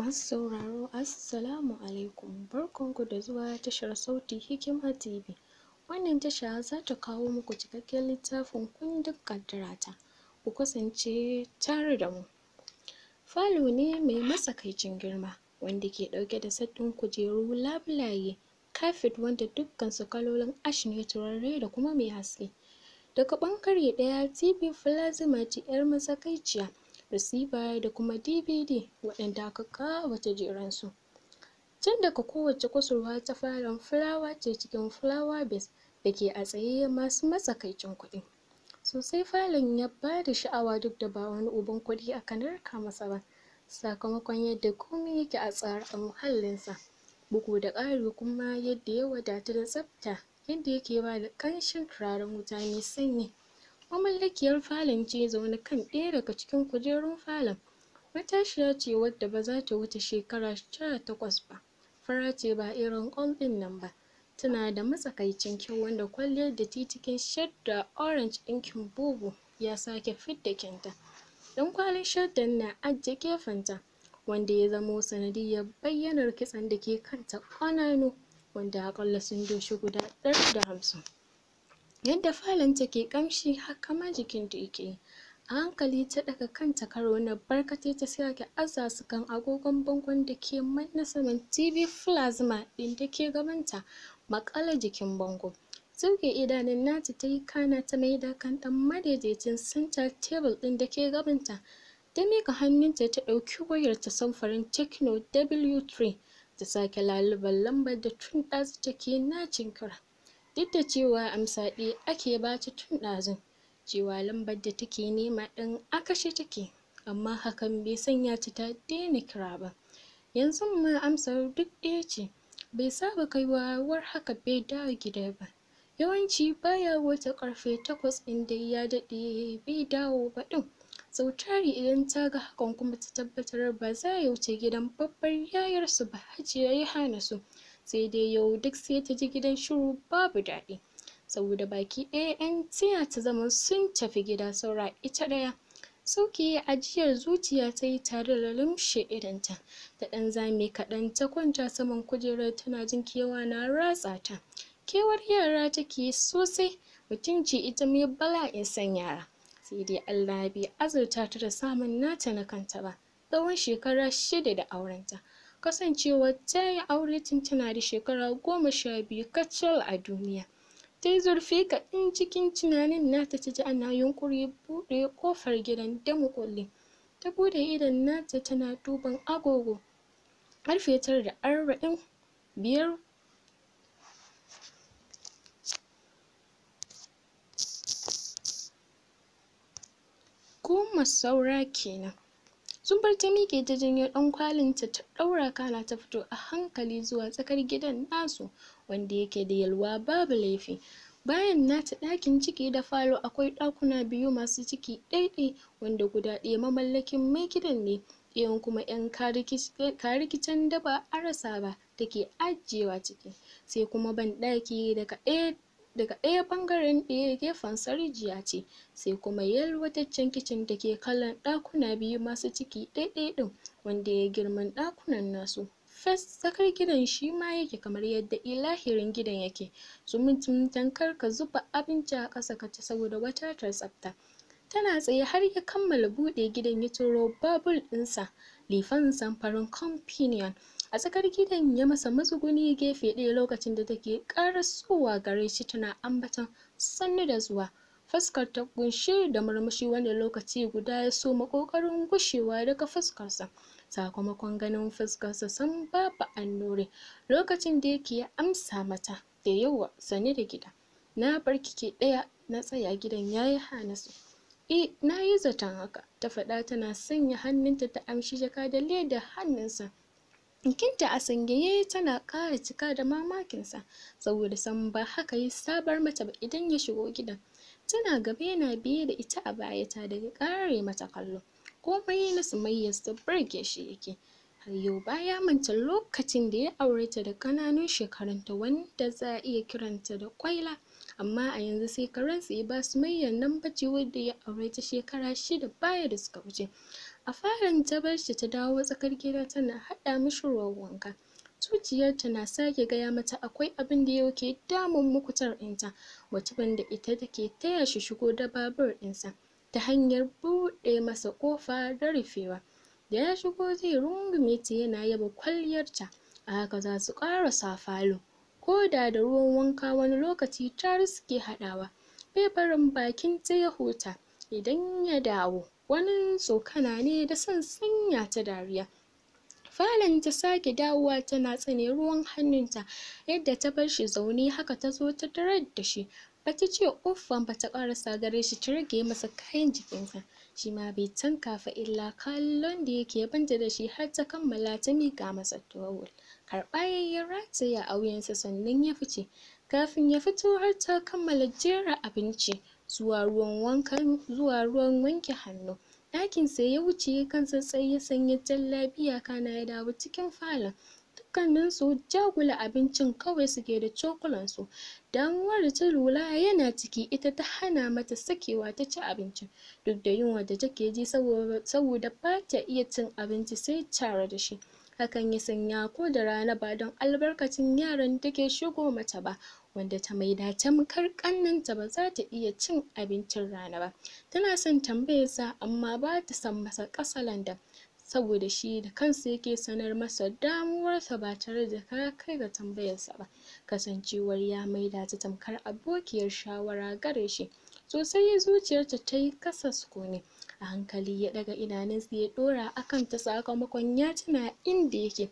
Masu sauraro Assalamu alaikum barkanku da zuwa tashar sauti Hikima TV. Wannan tasha za ta kawo muku cikakken littafin kundin kaddarata. Ku kasance tare da mu. Falo ne mai matsakaicin girma wanda ke ɗauke da sabbin kujeru labulaye kafet wanda dukkansu kalolin ash ne turare da kuma mai haske. Daga ɓangare ɗaya TV plasma ce 'yar matsakaiciya receiver da kuma dvd waɗanda aka ƙawata jeransu can daga kowace kusurwa ta farin fulawa ce cikin fulawa base da ke a tsaye masu matsakaicin kuɗi sosai falon ya ba da sha'awa duk da ba wani uban kuɗi a kanar masa ba sakamakon yadda komai yake a tsare a muhallinsa bugu da ƙari kuma yadda ya wadatu da tsafta yadda yake ba da ƙanshin turaren wuta mai sanyi mamallakiyar falon ce zaune kan ɗaya daga cikin kujerun falon matashiya ce wadda ba za ta wuce shekara sha takwas ba fara ce ba irin ƙwan ɗin nan ba tana da matsakaicin kyau wanda kwalliyar da titikin shadda orange ɗinkin bubu ya sake fidda kyanta don kwalin shaddan na ajiye gefenta wanda ya zamo sanadiyar bayyanar kitson da ke kanta ƙananu wanda aƙalla sun doshi guda ɗari da hamsin yadda falon ke kamshi haka ma jikinta yake a hankali ta ɗaga kanta karo na barkatai ta sake aza su kan agogon bangon da ke manna saman tv plasma ɗin da ke gabanta maƙala jikin bango sauke idanun nata ta yi kana ta maida kan ɗan madaidaicin center table ɗin da ke gabanta ta miƙa hannunta ta ɗauki wayar ta samfarin techno w3 ta sake laluban lambar da tun ɗazu take na cinkira. duk da cewa amsa ɗaya ake bata tun ɗazun cewa lambar da take nema ɗin a kashe take amma hakan bai sanya ta ta daina kira ba yanzu ma amsar duk ɗaya ce bai saba kaiwa war haka bai dawo gida ba yawanci baya wata karfe takwas in dai ya daɗe bai dawo ba ɗin sau tari idan ta ga hakan kuma ta tabbatar ba za ya wuce gidan babbar yayarsu ba hajiya ya hana su sai dai yau duk sai ta ji gidan shiru babu daɗi saboda baki ɗaya 'yan tiya ta zama sun tafi gida saura ita ɗaya sauke ajiyar zuciya ta yi tare da lumshe ta da ɗan zame kaɗan ta kwanta saman kujerar tana jin kewa na ratsa ta kewar yara take sosai mutunci ita mai bala'in san yara sai dai Allah bai azurta ta da samun nata na kanta ba tsawon shekara shida da aurenta kasancewar ta yi aure tun tana da shekara goma sha biyu kacal a duniya ta yi zurfi kaɗan cikin tunanin nata ta ji ana yunƙuri buɗe ƙofar gidan da muƙulli ta buɗe idon nata tana duban agogo ƙarfe tara da arba'in biyar goma saura kenan bar ta miƙe ta janyo ɗan kwalinta ta ɗaura kana ta fito a hankali zuwa tsakar gidan nasu wanda yake da yalwa babu laifi. Bayan nata ɗakin ciki da falo akwai ɗakuna biyu masu ciki ɗaiɗai wanda guda ɗaya mamallakin mai gidan ne ɗayan kuma 'yan karikicen da ba a rasa ba take ajiyewa ciki sai kuma banɗaki da kaɗai. daga ɗaya ɓangaren ɗaya gefen sarijiya ce sai kuma yalwataccen kicin da ke kallon ɗakuna biyu masu ciki ɗaiɗai ɗin wanda ya girman ɗakunan nasu fes tsakar gidan shi ma yake kamar yadda ilahirin gidan yake zumuntun tankar ka zuba abinci a ƙasa ka ci saboda wata tsafta tana tsaye har ya kammala buɗe gidan ya turo babul ɗinsa lifan samfarin companion a tsakar gidan ya masa matsuguni gefe ɗaya lokacin da take ƙarasowa gare shi tana ambaton sannu da zuwa fuskar ta kunshe da murmushi wanda lokaci guda ya so makokarin gushewa daga fuskarsa sakamakon ganin fuskarsa san babu annure lokacin da yake ya amsa mata da yawa sani da gida na bar kike ɗaya na tsaya gidan yayi hana su e na yi zaton haka ta faɗa tana sanya hannunta ta amshi jaka da leda hannunsa Kinta a sanyaye tana ƙara cika da mamakinsa saboda san ba haka ya sabar mata ba idan ya shigo gidan. Tana gaba yana biye da ita a baya ta daga ƙare mata kallo. Komai na su Sumayyarsa burge shi yake. Har yau baya manta lokacin da ya aure ta da ƙananun shekarunta wanda za a iya kiranta da kwaila Amma a yanzu sai karensa ya ba Sumayyar nan bace wanda ya aure ta shekara shida baya da suka wuce. a farin ta bar shi ta dawo tsakar gida tana haɗa mishi ruwan wanka zuciyarta na sake gaya mata akwai abin da yake damun mukutar ɗinta mutumin banda ita take taya shi shigo da babur ɗinsa ta hanyar buɗe masa ƙofa da rufewa da ya shigo zai rungume ta yana yaba kwalliyarta a haka za su ƙarasa falo ko da da ruwan wanka wani lokaci ta riske haɗawa bai barin bakin ta ya huta idan ya dawo wani tsokana ne da son sanya ta dariya falon ta sake dawowa tana tsane ruwan hannunta yadda ta bar shi zaune haka ta zo ta tarar da shi bata ce ba ta karasa gare shi ta rage masa kayan jikinsa shi ma bai tanka kafa illa kallon da yake banta da shi har ta kammala ta miƙa masa towel karɓa ya rataya a wuyansa sannan ya fice kafin ya fito har ta kammala jera abinci zuwa ruwan wanka zuwa ruwan wanke hannu ɗakin sai ya wuce kan tsattsaye ya sanya jallabiya kana ya dawo cikin falon su jagula abincin kawai suke da cokulan su damuwar da ta lura yana ciki ita ta hana mata sakewa ta ci abincin duk da yunwa da take ji saboda ba ta iya cin abinci sai tare da shi hakan ya sanya ko da rana ba don albarkacin yaran da shigo mata ba wanda ta maida tamkar ta ba za ta iya cin abincin rana ba tana son tambayarsa amma ba ta san masa da. saboda shi da kansa yake sanar masa damuwarsa ba tare da ka kai ga tambayarsa ba kasancewar ya maida ta tamkar abokiyar shawara gare shi sosai zuciyarta ta yi kasa ne. a hankali ya daga idanunsa ya dora akan ta sakamakon ya tuna inda yake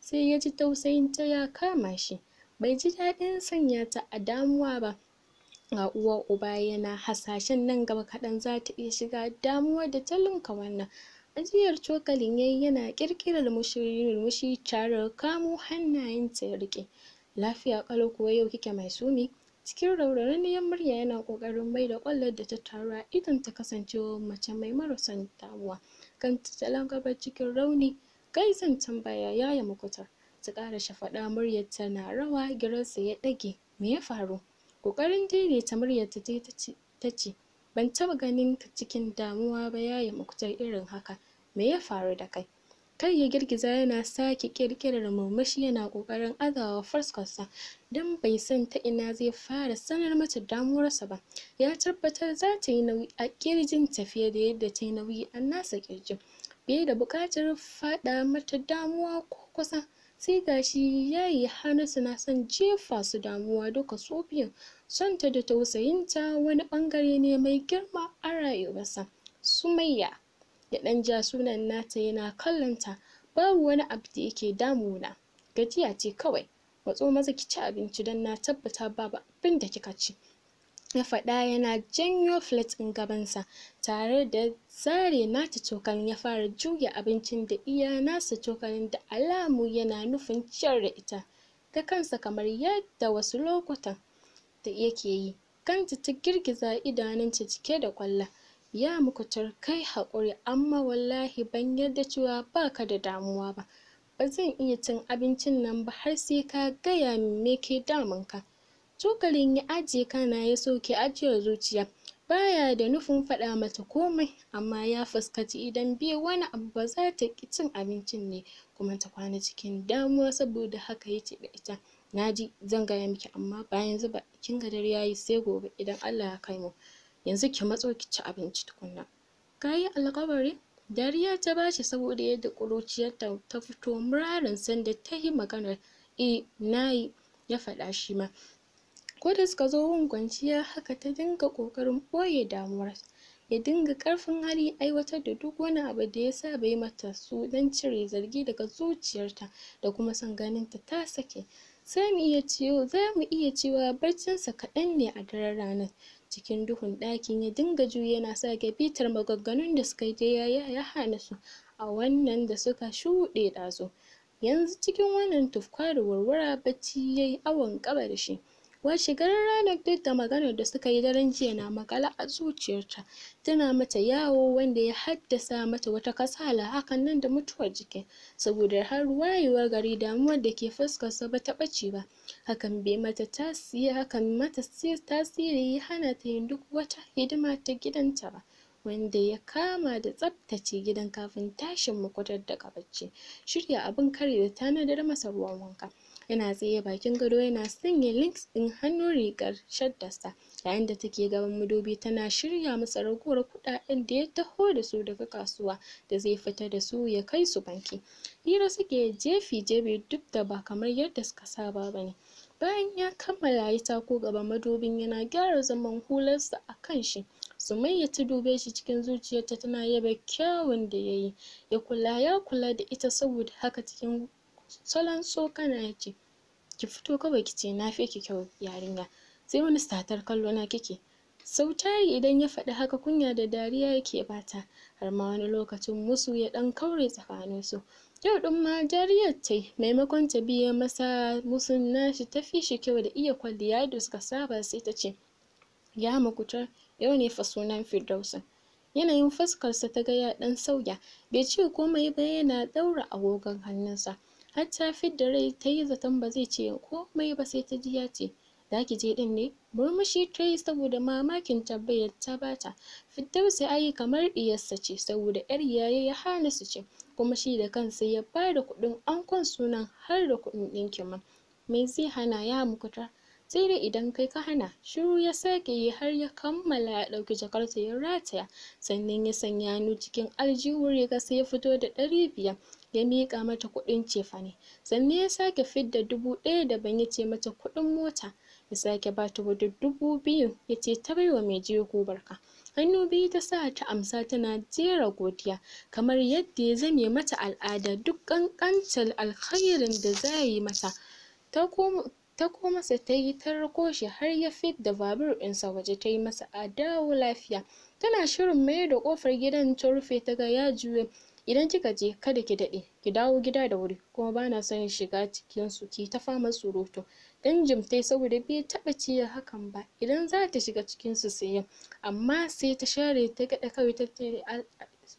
sai ya ji tausayin ta ya kama shi bai ji daɗin sanya ta a damuwa ba ga uwar uba yana hasashen nan gaba kaɗan za ta iya shiga damuwa da ta linka wannan ajiyar cokalin yayi yana ƙirƙirar murmushi tare kamo hannayen ta ya riƙe lafiya ƙalau kuwa yau kike mai sumi cikin raunaniyar murya yana ƙoƙarin bai da ƙwallon da ta taru a idon ta kasance mace mai marasan damuwa kan ta gabar cikin rauni kai gaisan tambaya yaya makutar ta ƙara shafaɗa muryar ta na rawa giransa ya ɗage me ya faru ƙoƙarin daidaita muryar ta ta ce ban taɓa ganin ka cikin damuwa ba yaya makutar irin haka me ya faru da kai kai ya girgiza yana sake ƙirƙirar murmushi yana kokarin azawa fuskarsa don bai san ta ina zai fara sanar mata damuwarsa ba ya tabbatar za ta yi nauyi a kirjin fiye da yadda ta yi nauyi a nasa ƙirjin fiye da buƙatar faɗa mata damuwa ko kusa sai gashi yayi hannunsa na son jefa su damuwa duka su santa sonta da tausayinta wani bangare ne mai girma a rayuwarsa sumayya ya ɗan ja sunan nata yana kallon ta babu wani abu da yake damuna gajiya ce kawai matso maza ki ci abinci don na tabbata babu abin da kika ci ya faɗa yana janyo flat in gabansa tare da zare nata cokalin ya fara juya abincin da iya nasa cokalin da alamu yana nufin ciyar da ita ta kansa kamar yadda wasu lokutan da yake yi kanta ta girgiza idanunta cike da kwallo. ya mukutar kai haƙuri amma wallahi ban yarda cewa ba ka da damuwa ba ba zan iya cin abincin nan ba har sai ka gaya min me ke damun ka cokalin ya ajiye kana ya sauke ajiyar zuciya baya da nufin faɗa mata komai amma ya fuskaci idan bai wani abu ba za ta ƙi cin abincin ne kuma ta kwana cikin damuwa saboda haka ya ce da ita na ji zan gaya miki amma bayan zuba kin ga dare yayi sai gobe idan Allah ya kai mu yanzu ki matso ki ci abinci tukunna kayi alƙawari dariya ta bashi saboda yadda ƙuruciyarta ta fito murarin sanda ta yi maganar e nayi ya faɗa shi ma ko da suka zo gun kwanciya haka ta dinga ƙoƙarin ɓoye damuwar ya dinga ƙarfin hali aiwatar da duk wani abu da ya sa bai mata su don cire zargi daga zuciyarta da kuma son ganinta ta ta sake za mu iya cewa barcinsa kaɗan ne a daren ranar cikin duhun ɗakin ya dinga juyi yana sa bitar maganganun da suka yi ta yaya ya hana su a wannan da suka shuɗe ɗazu yanzu cikin wannan tufka da warwara bacci yayi awon ƙaba da shi Washegarin ranar duk da maganar da suka yi daren jiya na makala a zuciyarta, tana mata yawo wanda ya haddasa mata wata kasala hakan nan da mutuwar jiki, saboda har wayewar gari damuwar da ke fuskarsa ba ta bace ba. Hakan bai mata tasiri hakan mata tasiri ya hana ta yin duk wata hidima ta gidanta ba. wanda ya kama da tsabtace gidan kafin tashin mukutar da bacci, shirya abin kari da tanadar masa ruwan wanka. yana tsaye bakin gado yana sanya links ɗin hannun rigar shaddarsa yayin da take gaban madubi tana shirya masa raguwar kuɗaɗen da ya taho da su daga kasuwa da zai fita da su ya kai su banki hira suke jefi jebe duk da ba kamar yadda suka saba ba ne bayan ya kammala ya tako gaban madubin yana gyara zaman hularsa a kan shi su Sumayya ta dube shi cikin zuciyarta tana yaba kyawun da ya yi, ya kula ya kula da ita saboda haka cikin salon tsokana yake ki fito kawai ki ce na fi ki kyau yarinya sai wani satar kallo na kike sau tari idan ya faɗi haka kunya da dariya yake bata har ma wani lokacin musu ya ɗan kaure tsakaninsu yau ɗin ma jariyar ta maimakon ta biye masa musun nashi ta fi shi kyau da iya kwalliya da suka saba sai ta ce ya makutar yau ne fa sunan firdausa yanayin fuskarsa ta gaya ɗan sauya bai ce komai ba yana ɗaura agogon hannunsa har ta da rai ta yi zaton ba zai ce komai ba sai ta ji ya ce za ki je din ne murmushi ta yi saboda mamakin tabbayar ta bata firdausi ai kamar diyarsa ce saboda yar yaye ya hana su ce kuma shi da kansa ya ba bada kuɗin ankon sunan har da kuɗin ɗinkin ma me zai hana ya mukuta sai dai idan kai ka hana shiru ya sake yi har ya kammala ya ɗauki jakarta ya rataya sannan ya sanya hannu cikin aljihun riga sai ya fito da ɗari biyar ya miƙa mata kuɗin cefane sannan ya sake fidda dubu ɗaya da daban yace mata kuɗin mota ya sake bata wata dubu ya yace ta baiwa mai jego barka hannu biyu ta sa ta amsa tana jera godiya kamar yadda ya zame mata al'ada duk ƙanƙantar alkhairin da za yi mata ta ko ta masa ta yi ta rako shi har ya fidda babur ɗinsa waje ta yi masa a lafiya tana shirin mayar da ƙofar gidan ta rufe ta ga ya idan kika je kada ki daɗe ki dawo gida da wuri kuma bana son shiga cikin su ki ta fama surutu dan jimtai saboda bai taɓa ciye hakan ba idan za ta shiga cikin su sai amma sai ta share ta gaɗa kawai ta ce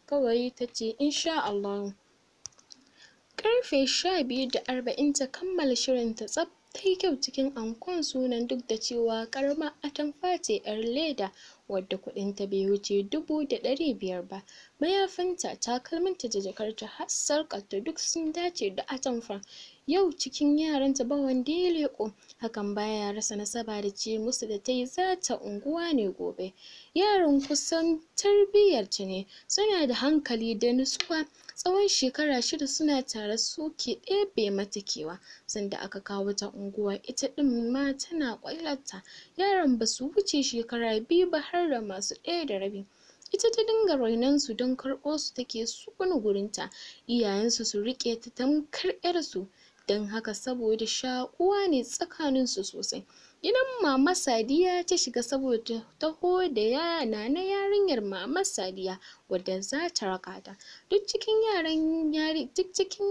kawai ta ce insha Allah karfe sha biyu da arba'in ta kammala shirin ta tsaf ta kyau cikin ankon sunan duk da cewa karama atamfa ce yar leda wadda kuɗin ta bai wuce dubu da ɗari biyar ba mayafinta takalminta da jakarta har sarƙarta duk sun dace da atamfa yau cikin yaran ta ba wanda ya leƙo hakan baya rasa nasaba da ce musu da ta yi za ta unguwa ne gobe yaran kusan tarbiyyar ta ne suna da hankali da nutsuwa tsawon shekara shida suna tare su ke ɗebe matakewa sanda aka kawo ta unguwa ita ɗin ma tana ƙwailarta yaran ba su wuce shekara biyu ba har da masu ɗaya da rabi ita ta dinga su don karɓo su take sukuna gurinta iyayensu su rike ta tamkar 'yarsu don haka saboda shaƙuwa ne tsakaninsu sosai gidan mama sadiya ta shiga saboda taho da yana na yarinyar mama sadiya wadda za ta raka ta duk cikin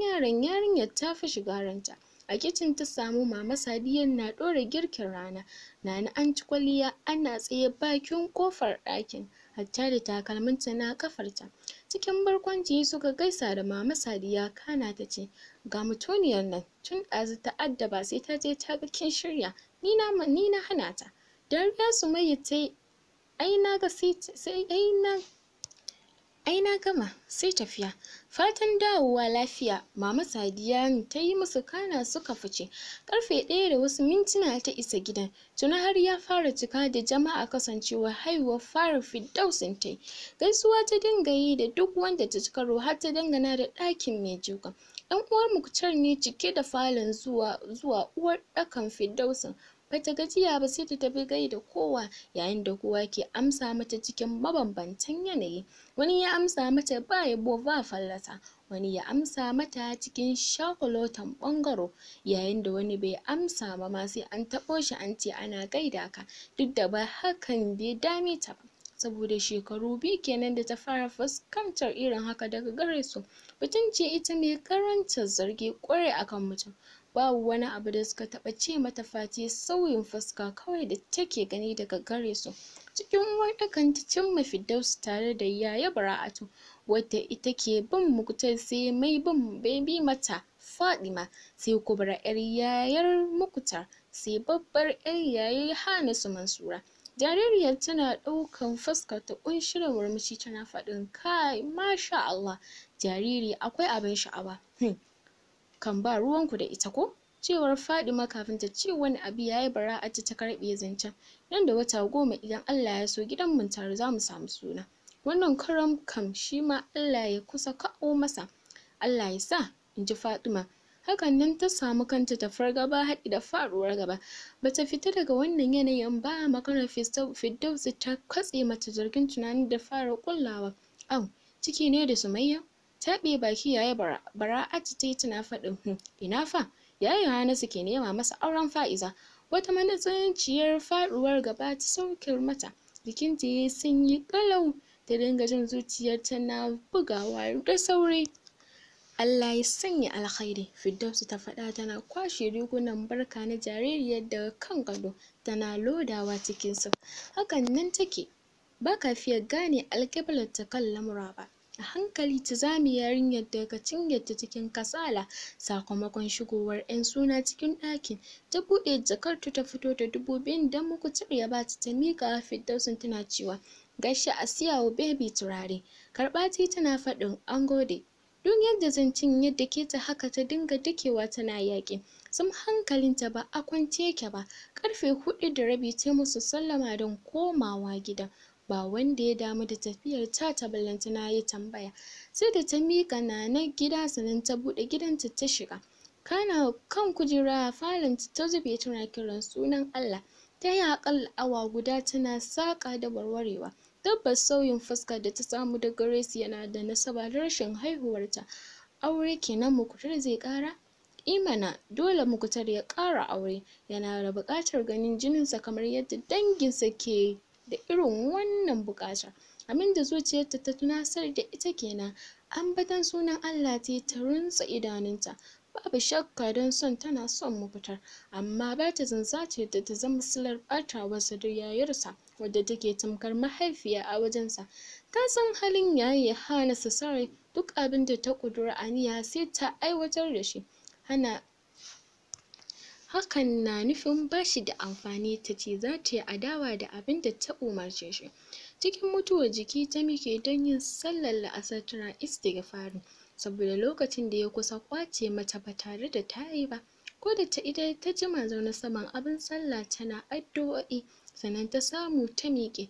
yaran yarinyar ta fi shiga ranta a kicin ta samu mama sadiya na ɗora girkin rana nana an ci kwaliya ana tsaye bakin kofar ɗakin hatta da takalminta na kafarta cikin barkwanci suka gaisa da mama sadiya kana ta ce ga mutuniyar nan tun ɗazu ta addaba sai ta je ta ga kin shirya ni na ni na hana ta dariya sumayya ta ai na ga sai ai na ai na gama sai tafiya fatan dawowa lafiya mama sadiya ta yi musu kana suka fice karfe ɗaya da wasu mintuna ta isa gidan tuna har ya fara cika da jama'a kasancewa haihuwar fara firdausin ta yi gaisuwa ta dinga yi da duk wanda ta cika karo har ta dangana da ɗakin mai jigon ɗan uwar muktar ne cike da falon zuwa zuwa uwar ɗakan firdausin bata gajiya ba sai ta tafi gai da kowa yayin da kowa ke amsa mata cikin mabambantan yanayi wani ya amsa mata ba yabo ba fallasa wani ya amsa mata cikin shakulotan ɓangaro yayin da wani bai amsa ba ma sai an taɓo shi an ce ana gaida ka duk da ba hakan bai dame ta ba saboda shekaru biyu kenan da ta fara fuskantar irin haka daga gare su mutum ce ita mai karanta zargi ƙwarai akan mutum babu wani abu da suka taɓa ce mata face sauyin fuska kawai da take gani daga gare su cikin wadakan ta cimma tare da yaya Bara'atu wadda ita ke bin Muktar sai mai bin bi mata Fadima sai Kubra 'yar yayar Muktar sai babbar 'yar yayi hana su Mansura jaririyar tana ɗaukan fuska ta ƙunshi da murmushi tana faɗin kai masha Allah jariri akwai abin sha'awa hmm. kan ba ruwanku da ita ko cewar Fadima kafin ta ce wani abu yi Bara'atu ta karɓe zancen nan da wata goma idan Allah ya so gidan mu za zamu samu suna wannan karam kam shi ma Allah ya kusa kawo masa Allah ya sa in ji Fatima hakan nan ta samu kanta ta fargaba haɗi da faruwar gaba ba ta fita daga wannan yanayin ba maganar Firdausi ta katse mata zargin tunanin da fara kullawa au ciki ne da Sumayya taɓe baki yayi bara'atu ta yi tana faɗin hun hmm, ina fa yayi yohanasu ke nema masa auren fa'iza wata manatsinciyar faɗuwar gaba ta saukar mata jikinta sun yi ƙalau ta dinga jin zuciyar tana bugawa da sauri Allah ya sanya alkhairi Firdausu ta faɗa tana kwashe rigunan barka na jaririyar daga kan gado tana lodawa cikin su hakan nan take baka fiye gane alƙiblar ta kan lamura ba A hankali ta zamu yarinyar daga cinyarta cikin kasala sakamakon shigowar 'yan suna cikin ɗakin, ta buɗe jakar ta fito da dubu biyun don muku ya ba ta ta miƙawa Firdausi tana cewa, "Gashi a siya wa Baby turare." Karɓa ta tana faɗin, "An gode." Duk yadda cin yadda ke ta haka ta dinga dakewa tana yaƙi, sun hankalinta ba a kwance yake ba. karfe huɗu da rabi ta musu sallama don komawa gida. ba wanda ya damu da tafiyar ta ta ballantana ya tambaya sai da ta miƙa Nana gida sannan ta buɗe gidanta ta shiga kana kan kujera falon ta zube tana kiran sunan Allah ta yi aƙalla awa guda tana saƙa da warwarewa tabbas sauyin fuska da ta samu da Grace yana da nasaba da rashin haihuwarta aure kenan mukutar zai kara? imana dole mukutar ya ƙara aure yana da buƙatar ganin jininsa kamar yadda danginsa ke da irin wannan buƙata abinda zuciyarta ta tunasar da ita kenan an ambaton sunan Allah tayi ta runtse idanunta babu shakka don son tana son mafitar amma bata zan sace da ta zama silar wasu da yayarsa wadda take tamkar mahaifiya a wajensa ta san halin yayi hana su sarai duk abinda ta ƙudura aniya sai ta aiwatar da shi hana hakan na nufin bashi da amfani ta ce za ta yi adawa da abin da ta umarce shi cikin mutuwar jiki ta miƙe don yin sallar la'asar tana istighfari saboda lokacin da ya kusa ƙwace mata ba tare da ta yi ba ko da ta ita ta jima zaune saman abin sallah tana addu'o'i sannan ta samu ta miƙe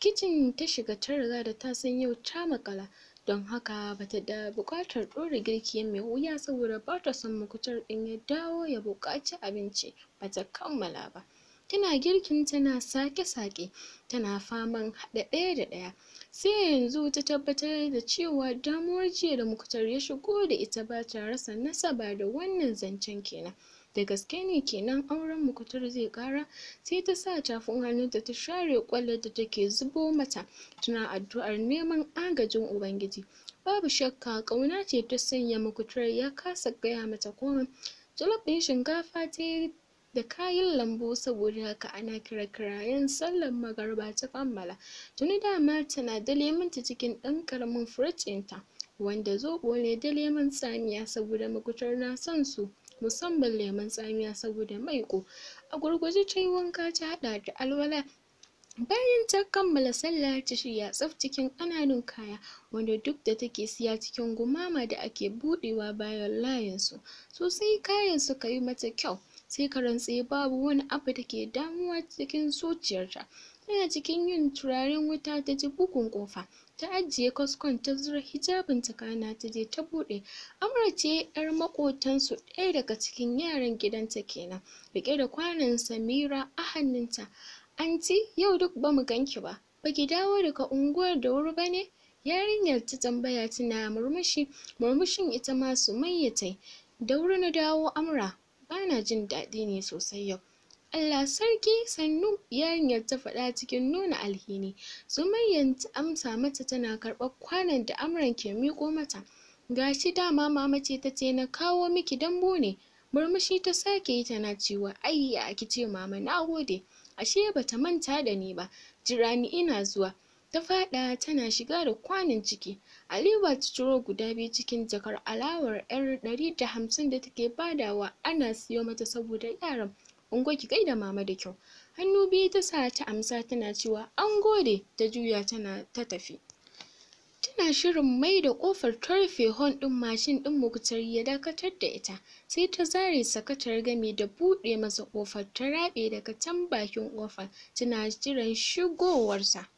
kicin ta shiga ta riga da ta san yau ta maƙala don haka bata da buƙatar ɗora girki mai wuya saboda bata son mukutar ɗin ya dawo ya buƙaci abinci bata kammala ba tana girkin tana sake-sake tana faman haɗa ɗaya da ɗaya sai yanzu ta tabbatar da cewa damuwar jiya da muktar ya shigo da ita ba bata rasa nasaba da wannan zancen kenan da gaske ne kenan auren mukutar zai kara sai ta sa tafin da ta share kwallon da take zubo mata tana addu'ar neman agajin ubangiji babu shakka kauna ce ta sanya mukutar ya kasa gaya mata komai jalof ɗin shinkafa ta yi da kayan lambu saboda haka ana kira-kirayen sallar magarba ta kammala tuni dama tana da ta cikin ɗan karamin firij wanda zobo ne da lemun tsamiya saboda makutar na son su musamman lemon tsamiya saboda mai ko a gurguje ta yi wanka ta hada da alwala bayan ta kammala sallah ta shirya tsaf cikin ƙananun kaya wanda duk da take siya cikin gumama da ake buɗewa bayan layinsu sai kayan suka yi mata kyau sai ka rantse babu wani abu da ke damuwa cikin zuciyarta tana cikin yin turaren wuta ta ji bugun ƙofa ta ajiye kaskon ta zura hijabin ta kana ta je ta bude amra ce yar makotansu ɗaya daga cikin yaran gidanta kenan rike da kwanan samira a hannunta anti yau duk bamu ganki ba baki dawo daga unguwar da wuri ba ne? yarinyar ta tambaya tana murmushi murmushin ita ma sumayya tai da wuri na dawo amra bana jin daɗi ne sosai yau Allah sarki sannu yarinyar ta faɗa cikin nuna alhini Sumayya ta amsa mata tana karɓar kwanon da Amran ke miƙo mata gashi dama mama ce ta ce na kawo miki dambu ne murmushi ta sake yi tana cewa ayya ki ce mama na gode ashe bata manta da ni ba jira ni ina zuwa ta faɗa tana shiga da kwanon ciki aliwa ta ciro guda biyu cikin jakar alawar yar ɗari da hamsin da take badawa ana siyo mata saboda yaran ungo ki gaida mama da kyau hannu biyu ta sa ta amsa tana cewa an gode ta juya tana ta tafi tana shirin mai da kofar ta hon din mashin din muktar ya dakatar da ita sai ta zare sakatar game da buɗe masa kofar ta rabe daga can bakin kofar tana jiran shigowarsa